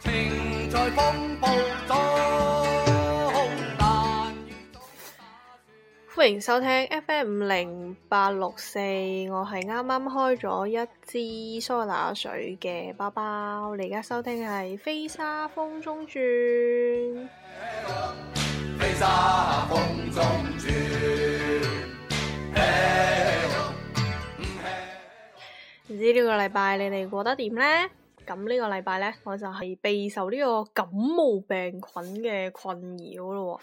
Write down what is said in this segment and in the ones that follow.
情在風暴中，雨歡迎收聽 FM 五零八六四，我係啱啱開咗一支蘇打水嘅包包，你而家收聽係 《飛沙風中轉》。《飛沙風中轉》唔 知呢個禮拜你哋過得點呢？咁呢個禮拜呢，我就係備受呢個感冒病菌嘅困擾咯。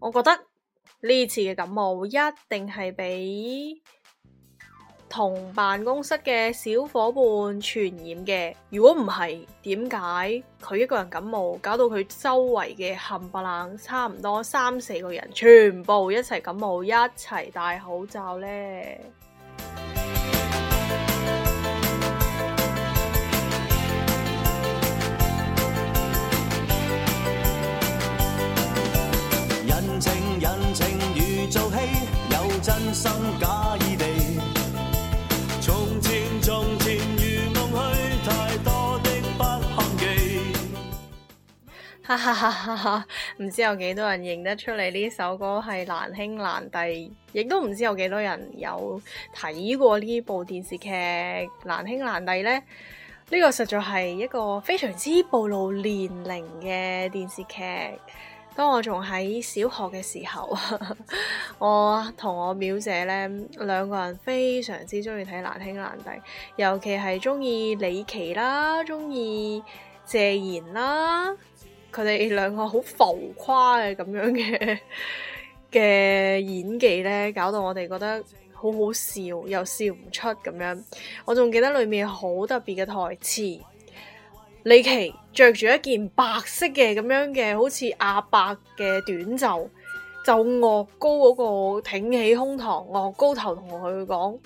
我覺得呢次嘅感冒一定係俾同辦公室嘅小伙伴傳染嘅。如果唔係，點解佢一個人感冒，搞到佢周圍嘅冚唪唥差唔多三四個人全部一齊感冒，一齊戴口罩呢？真心假意地，從前從前如夢去，太 多的不堪記。哈哈哈哈！唔知有幾多人認得出嚟呢首歌係《難兄難弟》，亦都唔知有幾多人有睇過呢部電視劇《難兄難弟》呢、呢、呢個實在係一個非常之暴露年齡嘅電視劇。當我仲喺小學嘅時候， 我同我表姐咧兩個人非常之中意睇《難兄難弟》，尤其係中意李琦啦，中意謝賢啦，佢哋兩個好浮誇嘅咁樣嘅嘅 演技咧，搞到我哋覺得好好笑，又笑唔出咁樣。我仲記得裡面好特別嘅台詞。李琦着住一件白色嘅咁樣嘅，好似阿伯嘅短袖，就惡高嗰個挺起胸膛，惡高頭同佢講，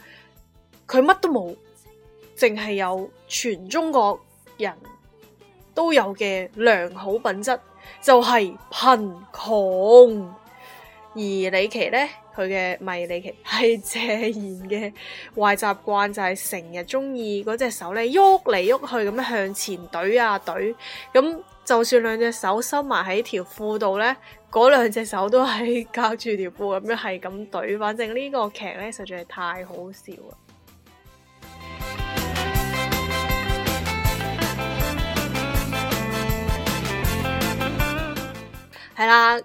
佢乜都冇，淨係有全中國人都有嘅良好品質，就係貧窮。而李琦咧。佢嘅迷你劇係謝賢嘅壞習慣，就係成日中意嗰隻手咧喐嚟喐去咁樣向前懟啊懟，咁就算兩隻手收埋喺條褲度呢，嗰兩隻手都係靠住條褲咁樣係咁懟，反正呢個劇呢，實在係太好笑啦，係啦。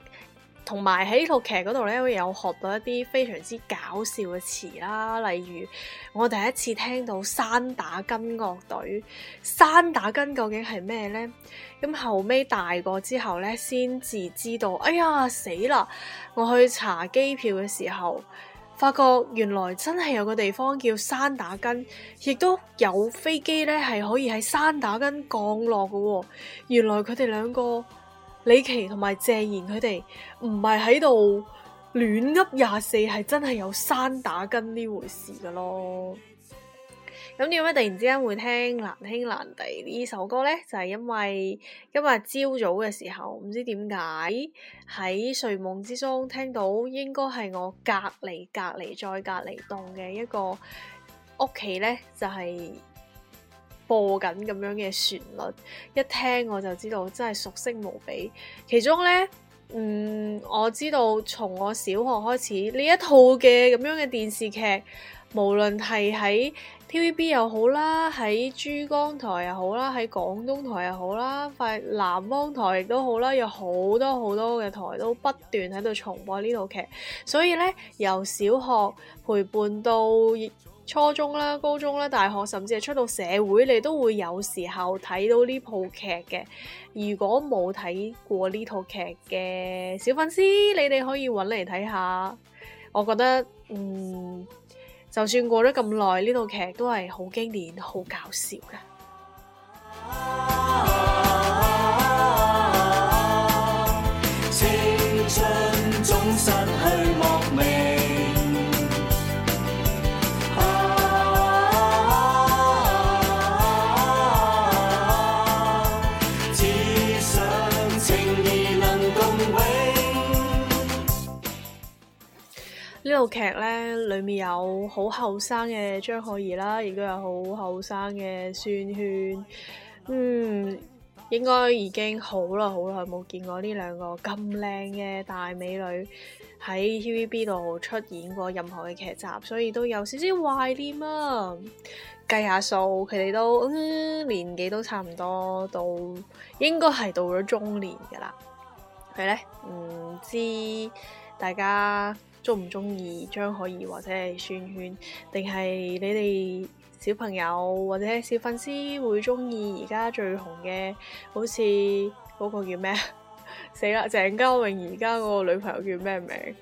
同埋喺套劇嗰度咧，我有學到一啲非常之搞笑嘅詞啦，例如我第一次聽到山打根樂隊，山打根究竟係咩呢？咁後尾大個之後咧，先至知道，哎呀死啦！我去查機票嘅時候，發覺原來真係有個地方叫山打根，亦都有飛機咧係可以喺山打根降落嘅喎。原來佢哋兩個。李奇同埋謝賢佢哋唔係喺度亂噏廿四，係真係有山打根呢回事噶咯。咁點解突然之間會聽難兄難弟呢首歌呢？就係、是、因為今日朝早嘅時候，唔知點解喺睡夢之中聽到，應該係我隔籬、隔籬再隔籬棟嘅一個屋企呢，就係、是。播緊咁樣嘅旋律，一聽我就知道真係熟悉無比。其中呢，嗯，我知道從我小學開始呢一套嘅咁樣嘅電視劇，無論係喺 TVB 又好啦，喺珠江台又好啦，喺廣東台又好啦，快南方台亦都好啦，有好多好多嘅台都不斷喺度重播呢套劇，所以呢，由小學陪伴到。初中啦、高中啦、大學，甚至係出到社會，你都會有時候睇到呢套劇嘅。如果冇睇過呢套劇嘅小粉絲，你哋可以揾嚟睇下。我覺得，嗯，就算過咗咁耐，呢套劇都係好經典、好搞笑嘅。青春終呢套劇咧，劇裏面有好後生嘅張可頤啦，亦都有好後生嘅宣萱。嗯，應該已經好耐好耐冇見過呢兩個咁靚嘅大美女喺 TVB 度出演過任何嘅劇集，所以都有少少懷念啊。計下數，佢哋都嗯，年紀都差唔多，到，應該係到咗中年噶啦。係咧，唔知大家。都唔中意張可怡，或者係宣萱，定係你哋小朋友或者小粉絲會中意而家最紅嘅，好似嗰個叫咩？ 死啦！鄭嘉穎而家個女朋友叫咩名？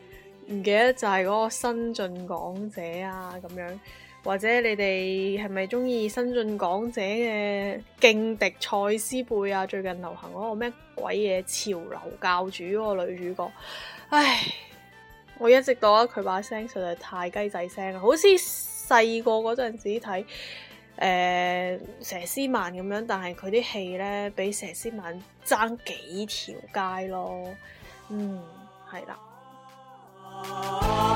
唔記得，就係嗰個新晉港姐啊，咁樣或者你哋係咪中意新晉港姐嘅勁敵蔡思貝啊？最近流行嗰個咩鬼嘢潮流教主嗰個女主角，唉。我一直覺得佢把聲實在太雞仔聲啦，好似細個嗰陣時睇誒佘詩曼咁樣，但係佢啲戲咧，比佘詩曼爭幾條街咯，嗯，係啦。啊。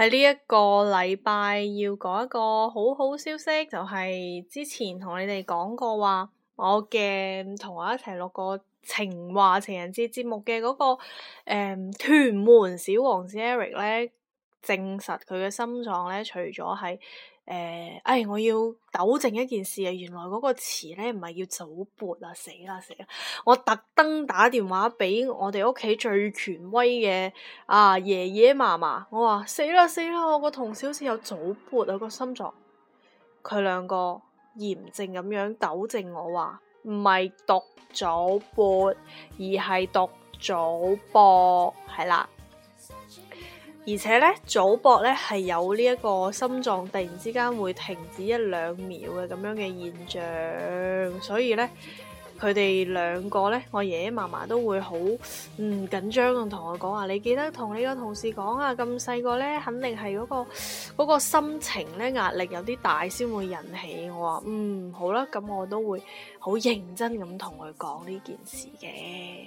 喺呢一個禮拜要講一個好好消息，就係、是、之前同你哋講過話，我嘅同我一齊錄過情話情人節節目嘅嗰、那個誒、嗯，屯門小王子 Eric 呢，證實佢嘅心臟呢，除咗喺。誒，哎，我要糾正一件事啊，原來嗰個詞呢唔係要早勃啊，死啦死啦！我特登打電話俾我哋屋企最權威嘅啊爺爺嫲嫲，我話死啦死啦，我個同小四有早勃啊，個心臟。佢兩個嚴正咁樣糾正我話，唔係讀早勃，而係讀早播。係啦。而且咧，早搏咧係有呢一個心臟突然之間會停止一兩秒嘅咁樣嘅現象，所以咧佢哋兩個咧，我爺爺嫲嫲都會好嗯緊張咁同我講話，你記得同你個同事講啊，咁細個咧肯定係嗰、嗰個、嗰個心情咧壓力有啲大先會引起。我話嗯好啦，咁我都會好認真咁同佢講呢件事嘅。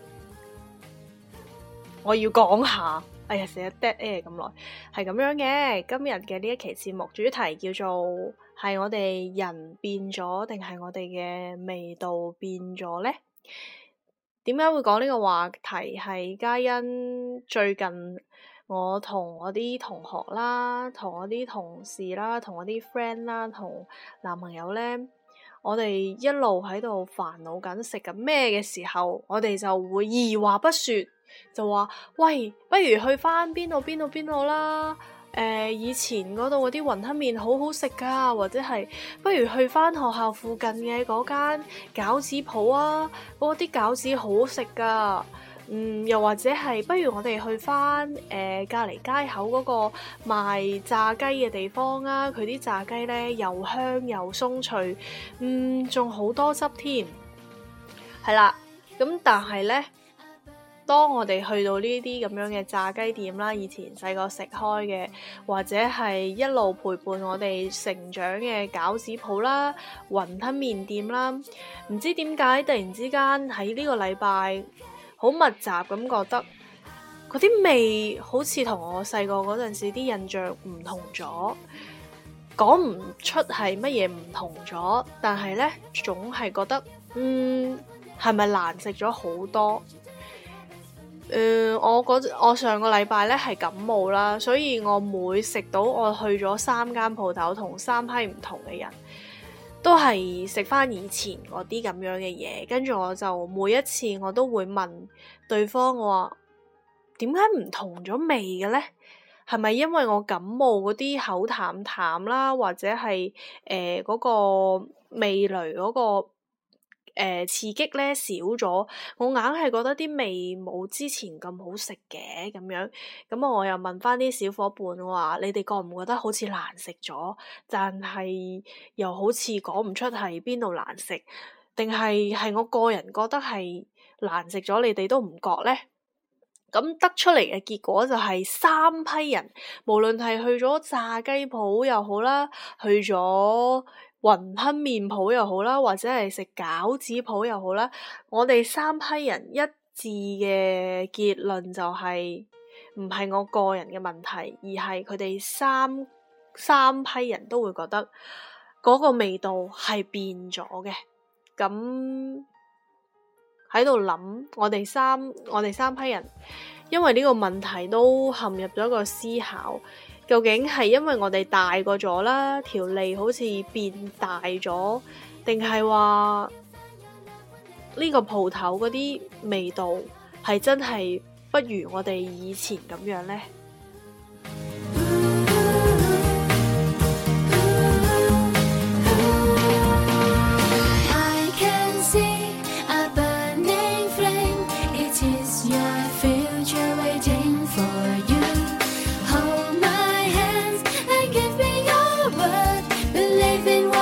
我要講下，哎呀，成日 dead air 咁耐，係咁樣嘅。今日嘅呢一期節目主題叫做係我哋人變咗，定係我哋嘅味道變咗呢？點解會講呢個話題？係皆因最近我同我啲同學啦，同我啲同事啦，同我啲 friend 啦，同男朋友呢，我哋一路喺度煩惱緊食緊咩嘅時候，我哋就會二話不說。就話喂，不如去翻邊度邊度邊度啦？誒、呃，以前嗰度嗰啲雲吞麵好好食噶，或者係不如去翻學校附近嘅嗰間餃子鋪啊，嗰啲餃子好食噶。嗯，又或者係不如我哋去翻誒隔籬街口嗰個賣炸雞嘅地方啊，佢啲炸雞咧又香又鬆脆，嗯，仲好多汁添。係啦，咁但係咧。當我哋去到呢啲咁樣嘅炸雞店啦，以前細個食開嘅，或者係一路陪伴我哋成長嘅餃子鋪啦、雲吞麵店啦，唔知點解突然之間喺呢個禮拜好密集咁，覺得嗰啲味好似同我細個嗰陣時啲印象唔同咗，講唔出係乜嘢唔同咗，但係呢，總係覺得，嗯，係咪難食咗好多？誒、嗯，我我上個禮拜咧係感冒啦，所以我每食到，我去咗三間鋪頭同三批唔同嘅人，都係食翻以前嗰啲咁樣嘅嘢。跟住我就每一次我都會問對方，我話點解唔同咗味嘅呢？係咪因為我感冒嗰啲口淡淡啦，或者係誒嗰個味蕾嗰個？誒、呃，刺激咧少咗，我硬係覺得啲味冇之前咁好食嘅咁樣，咁啊我又問翻啲小伙伴話， 你哋覺唔覺得好似難食咗？但係又好似講唔出係邊度難食，定係係我個人覺得係難食咗，你哋都唔覺呢？咁得出嚟嘅結果就係三批人，無論係去咗炸雞鋪又好啦，去咗，雲吞麵鋪又好啦，或者係食餃子鋪又好啦，我哋三批人一致嘅結論就係唔係我個人嘅問題，而係佢哋三三批人都會覺得嗰個味道係變咗嘅。咁喺度諗，我哋三我哋三批人，因為呢個問題都陷入咗一個思考。究竟係因為我哋大個咗啦，條脷好似變大咗，定係話呢個鋪頭嗰啲味道係真係不如我哋以前咁樣呢？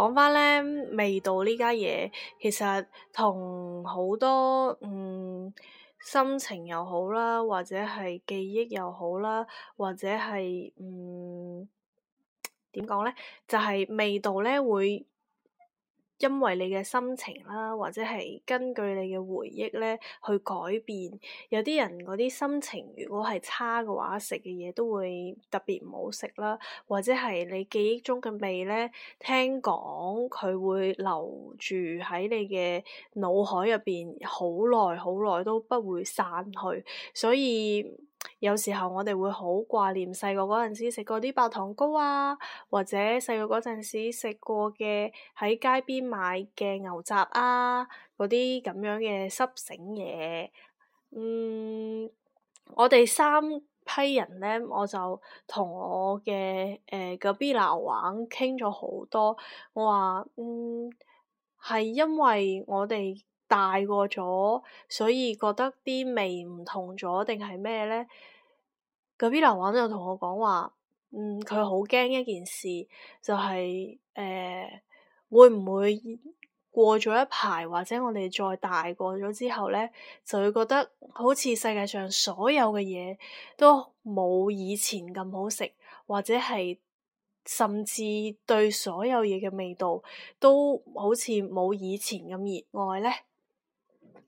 講翻咧，味道呢家嘢其實同好多，嗯，心情又好啦，或者係記憶又好啦，或者係嗯，點講咧，就係、是、味道咧會。因為你嘅心情啦，或者係根據你嘅回憶咧去改變。有啲人嗰啲心情如果係差嘅話，食嘅嘢都會特別唔好食啦。或者係你記憶中嘅味咧，聽講佢會留住喺你嘅腦海入面好耐好耐都不會散去，所以。有時候我哋會好掛念細個嗰陣時食過啲白糖糕啊，或者細個嗰陣時食過嘅喺街邊買嘅牛雜啊，嗰啲咁樣嘅濕醒嘢。嗯，我哋三批人咧，我就同我嘅誒個 b i l 玩傾咗好多。我話，嗯，係因為我哋。大過咗，所以覺得啲味唔同咗，定係咩呢？個 Vila 雲就同我講話，嗯，佢好驚一件事，就係、是、誒、呃、會唔會過咗一排，或者我哋再大過咗之後呢，就會覺得好似世界上所有嘅嘢都冇以前咁好食，或者係甚至對所有嘢嘅味道都好似冇以前咁熱愛呢？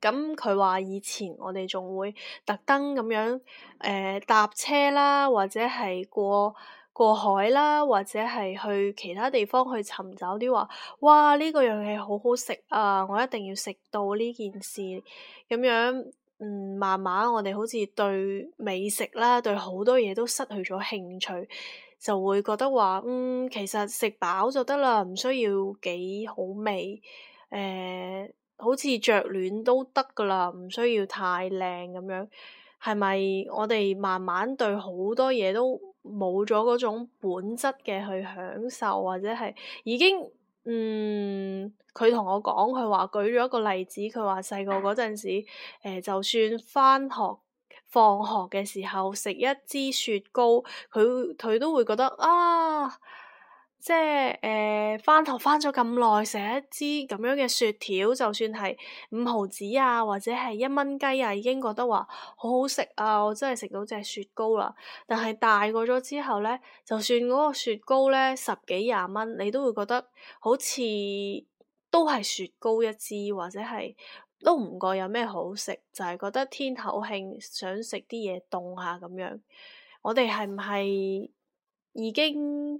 咁佢話以前我哋仲會特登咁樣誒、呃、搭車啦，或者係過過海啦，或者係去其他地方去尋找啲話，哇！呢、這個樣嘢好好食啊，我一定要食到呢件事咁樣。嗯，慢慢我哋好似對美食啦，對好多嘢都失去咗興趣，就會覺得話，嗯，其實食飽就得啦，唔需要幾好味誒。呃好似着暖都得㗎喇，唔需要太靚咁樣，係咪我哋慢慢對好多嘢都冇咗嗰種本質嘅去享受，或者係已經嗯，佢同我講，佢話舉咗一個例子，佢話細個嗰陣時，時、呃，就算返學放學嘅時候食一支雪糕，佢佢都會覺得啊～即係誒，翻學翻咗咁耐，食一支咁樣嘅雪條，就算係五毫子啊，或者係一蚊雞啊，已經覺得話好好食啊！我真係食到隻雪糕啦。但係大個咗之後咧，就算嗰個雪糕咧十幾廿蚊，你都會覺得好似都係雪糕一支，或者係都唔覺有咩好食，就係、是、覺得天口慶想食啲嘢凍下咁樣。我哋係唔係已經？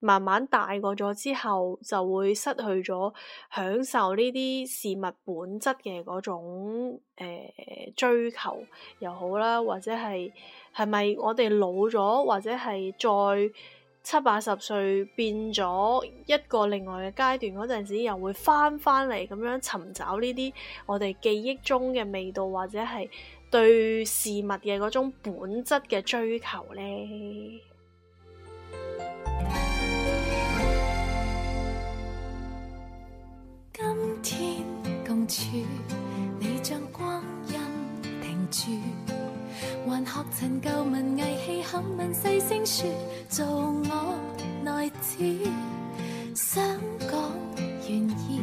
慢慢大個咗之後，就會失去咗享受呢啲事物本質嘅嗰種誒、呃、追求又好啦，或者係係咪我哋老咗，或者係再七八十歲變咗一個另外嘅階段嗰陣時，又會翻翻嚟咁樣尋找呢啲我哋記憶中嘅味道，或者係對事物嘅嗰種本質嘅追求呢？處，你將光陰停駐，還學陳舊文藝戲，肯問細聲說，做我內子，想講願意，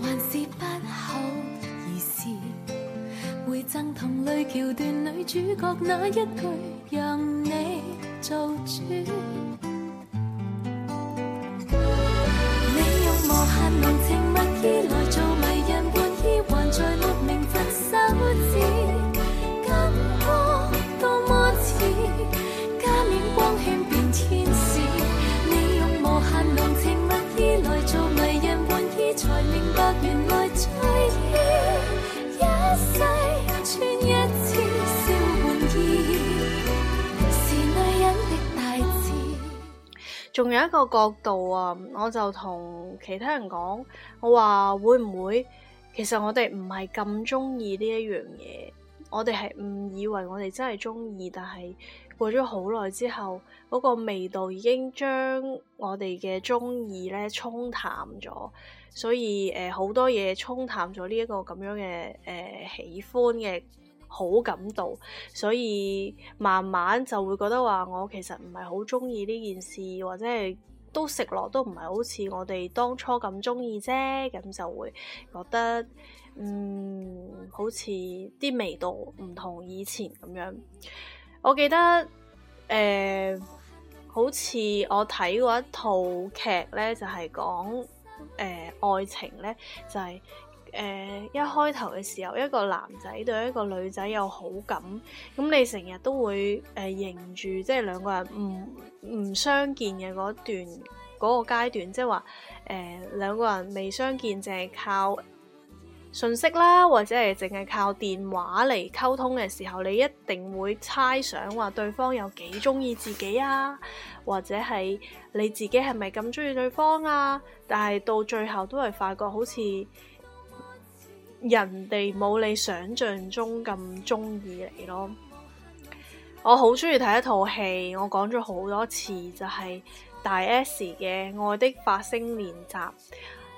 還是不好意思，會憎同類橋段女主角那一句，讓你做主。仲有一個角度啊，我就同其他人講，我話會唔會其實我哋唔係咁中意呢一樣嘢，我哋係誤以為我哋真係中意，但係過咗好耐之後，嗰、那個味道已經將我哋嘅中意咧沖淡咗，所以誒好、呃、多嘢沖淡咗呢一個咁樣嘅誒、呃、喜歡嘅。好感到，所以慢慢就會覺得話，我其實唔係好中意呢件事，或者係都食落都唔係好似我哋當初咁中意啫，咁就會覺得，嗯，好似啲味道唔同以前咁樣。我記得，誒、呃，好似我睇過一套劇咧，就係、是、講，誒、呃，愛情咧，就係、是。誒、呃、一開頭嘅時候，一個男仔對一個女仔有好感，咁你成日都會誒迎住，即係兩個人唔唔相見嘅嗰段嗰、嗰個階段，即係話誒兩個人未相見，淨係靠信息啦，或者係淨係靠電話嚟溝通嘅時候，你一定會猜想話對方有幾中意自己啊，或者係你自己係咪咁中意對方啊？但係到最後都係發覺好似。人哋冇你想象中咁中意你咯我。我好中意睇一套戲，我講咗好多次就係、是、大 S 嘅《愛的發聲練習》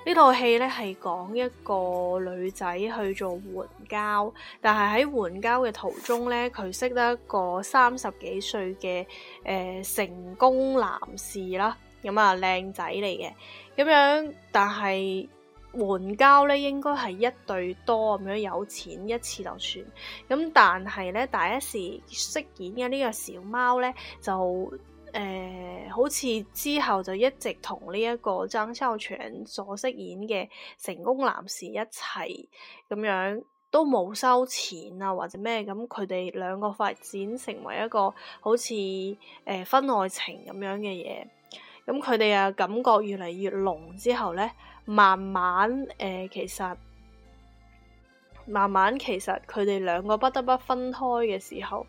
呢套戲呢，係講一個女仔去做援交，但係喺援交嘅途中呢，佢識得一個三十幾歲嘅誒成功男士啦，咁啊靚仔嚟嘅，咁樣但係。援交咧，應該係一對多咁樣有錢一次就算。咁但係咧，大 S 飾演嘅呢個小貓咧，就誒、呃、好似之後就一直同呢一個張孝全所飾演嘅成功男士一齊咁樣，都冇收錢啊或者咩咁，佢哋兩個發展成為一個好似誒婚外情咁樣嘅嘢。咁佢哋啊感覺越嚟越濃之後咧。慢慢，誒、呃，其實慢慢，其實佢哋兩個不得不分開嘅時候，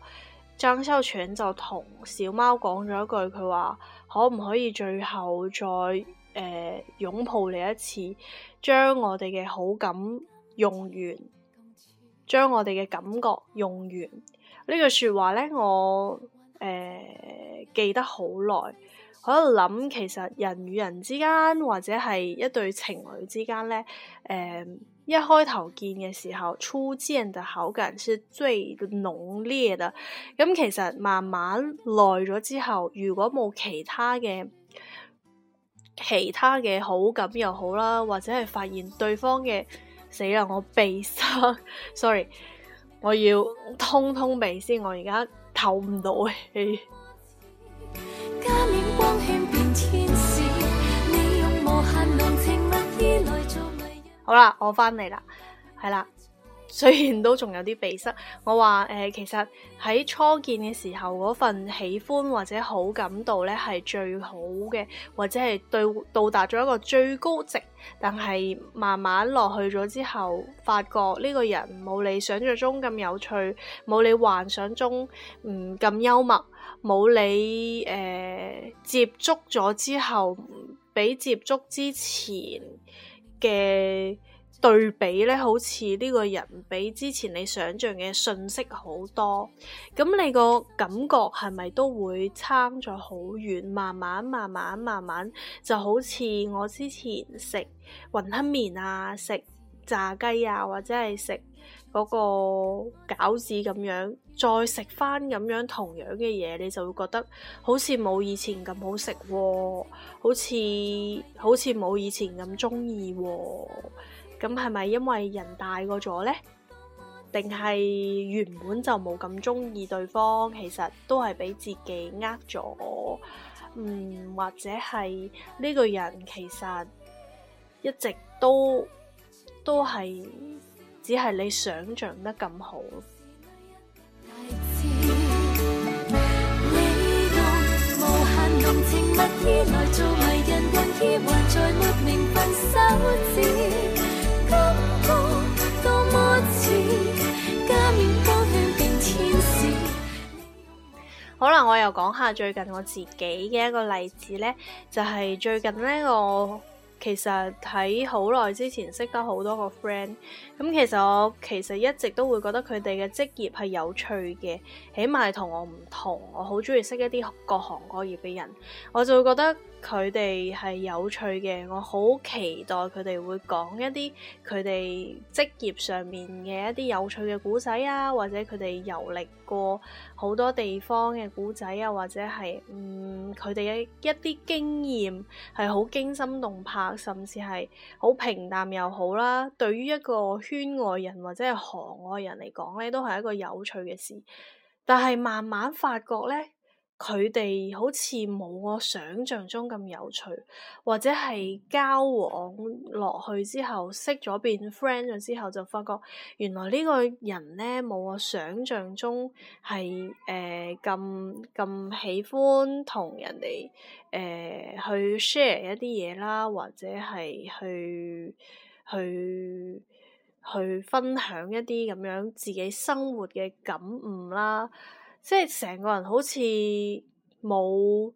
張修全就同小貓講咗一句，佢話：可唔可以最後再誒、呃、擁抱你一次，將我哋嘅好感用完，將我哋嘅感覺用完？呢句説話咧，我誒、呃、記得好耐。我喺度諗，其實人與人之間或者係一對情侶之間咧，誒、呃，一開頭見嘅時候，初見嘅好感是最濃烈的。咁、嗯、其實慢慢耐咗之後，如果冇其他嘅其他嘅好感又好啦，或者係發現對方嘅死啦，我鼻塞 ，sorry，我要通通鼻先，我而家透唔到氣。好啦，我翻嚟啦，係啦。雖然都仲有啲鼻塞，我話誒、呃，其實喺初見嘅時候嗰份喜歡或者好感度呢係最好嘅，或者係到到達咗一個最高值，但係慢慢落去咗之後，發覺呢個人冇你想象中咁有趣，冇你幻想中唔咁幽默，冇你誒、呃、接觸咗之後畀接觸之前嘅。對比呢，好似呢個人比之前你想象嘅遜色好多，咁你個感覺係咪都會差咗好遠？慢慢、慢慢、慢慢，就好似我之前食雲吞麵啊、食炸雞啊，或者係食嗰個餃子咁樣，再食返咁樣同樣嘅嘢，你就會覺得好似冇以前咁好食喎、哦，好似好似冇以前咁鍾意喎。咁係咪因為人大個咗咧？定係原本就冇咁中意對方？其實都係俾自己呃咗，嗯，或者係呢個人其實一直都都係只係你想象得咁好。可能我又講下最近我自己嘅一個例子呢，就係最近呢，我其實喺好耐之前識咗好多個 friend，咁其實我其實一直都會覺得佢哋嘅職業係有趣嘅，起碼同我唔同，我好鍾意識一啲各行各業嘅人，我就會覺得。佢哋係有趣嘅，我好期待佢哋會講一啲佢哋職業上面嘅一啲有趣嘅故仔啊，或者佢哋遊歷過好多地方嘅故仔啊，或者係嗯，佢哋嘅一啲經驗係好驚心動魄，甚至係好平淡又好啦。對於一個圈外人或者係行外人嚟講咧，都係一個有趣嘅事。但係慢慢發覺咧。佢哋好似冇我想象中咁有趣，或者係交往落去之後，識咗變 friend 咗之後，就發覺原來呢個人咧冇我想象中係誒咁咁喜歡同人哋誒去 share 一啲嘢啦，或者係去去去分享一啲咁樣自己生活嘅感悟啦。即係成個人好似冇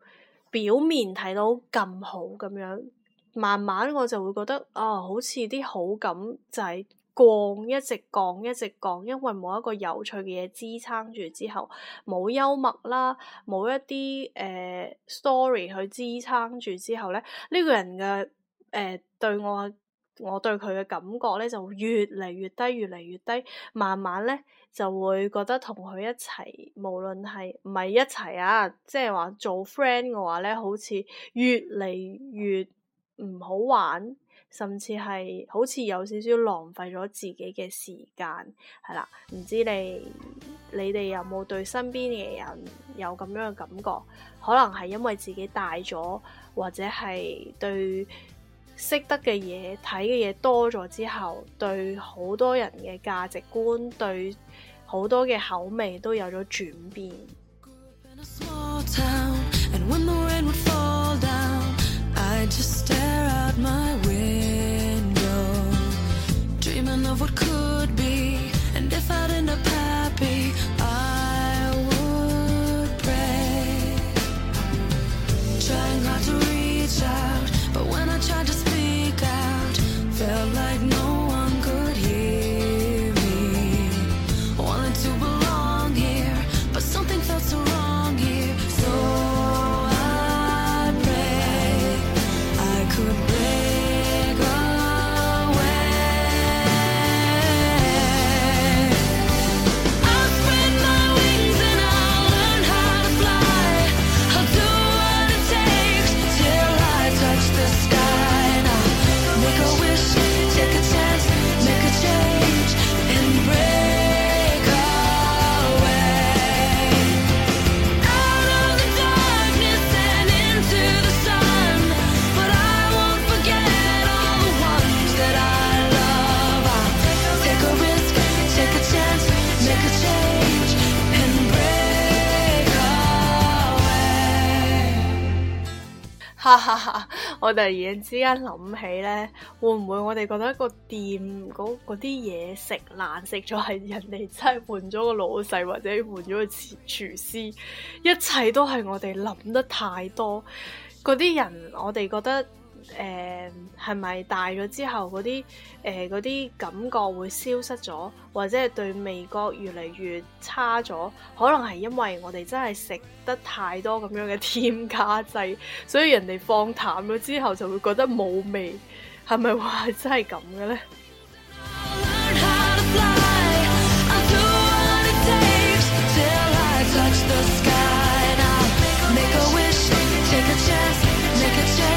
表面睇到咁好咁樣，慢慢我就會覺得，哦，好似啲好感就係降，一直降，一直降，因為冇一個有趣嘅嘢支撐住之後，冇幽默啦，冇一啲誒、呃、story 去支撐住之後咧，呢、呢個人嘅誒、呃、對我。我對佢嘅感覺咧就越嚟越低，越嚟越低，慢慢咧就會覺得同佢一齊，無論係唔係一齊啊，即係話做 friend 嘅話咧，好似越嚟越唔好玩，甚至係好似有少少浪費咗自己嘅時間，係啦，唔知你你哋有冇對身邊嘅人有咁樣嘅感覺？可能係因為自己大咗，或者係對。識得嘅嘢、睇嘅嘢多咗之後，對好多人嘅價值觀、對好多嘅口味都有咗轉變。哈哈哈！ 我突然之間諗起咧，會唔會我哋覺得個店嗰啲嘢食難食咗，係人哋真係換咗個老細，或者換咗個廚廚師？一切都係我哋諗得太多。嗰啲人，我哋覺得。誒係咪大咗之後嗰啲誒嗰啲感覺會消失咗，或者係對味覺越嚟越差咗？可能係因為我哋真係食得太多咁樣嘅添加劑，所以人哋放淡咗之後就會覺得冇味。係咪話真係咁嘅咧？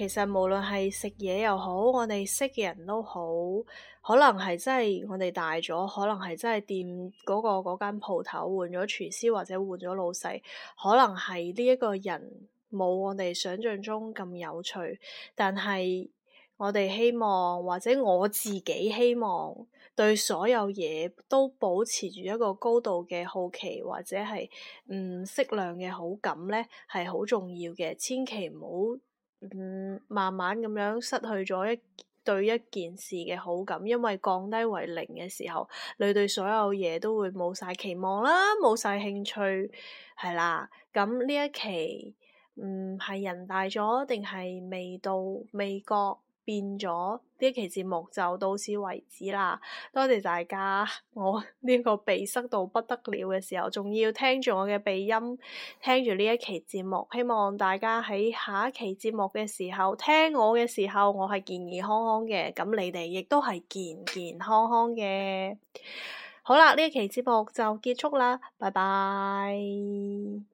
其實無論係食嘢又好，我哋識嘅人都好，可能係真係我哋大咗，可能係真係掂嗰個嗰間鋪頭換咗廚師或者換咗老細，可能係呢一個人冇我哋想像中咁有趣。但係我哋希望，或者我自己希望，對所有嘢都保持住一個高度嘅好奇，或者係嗯適量嘅好感呢，係好重要嘅。千祈唔好。嗯，慢慢咁樣失去咗一對一件事嘅好感，因為降低為零嘅時候，你對所有嘢都會冇晒期望啦，冇晒興趣係啦。咁、嗯、呢一期，嗯，係人大咗定係味道變咗？變咗，呢期節目就到此為止啦，多謝大家！我呢個鼻塞到不得了嘅時候，仲要聽住我嘅鼻音，聽住呢一期節目。希望大家喺下一期節目嘅時候聽我嘅時候，我係健健康康嘅，咁你哋亦都係健健康康嘅。好啦，呢期節目就結束啦，拜拜。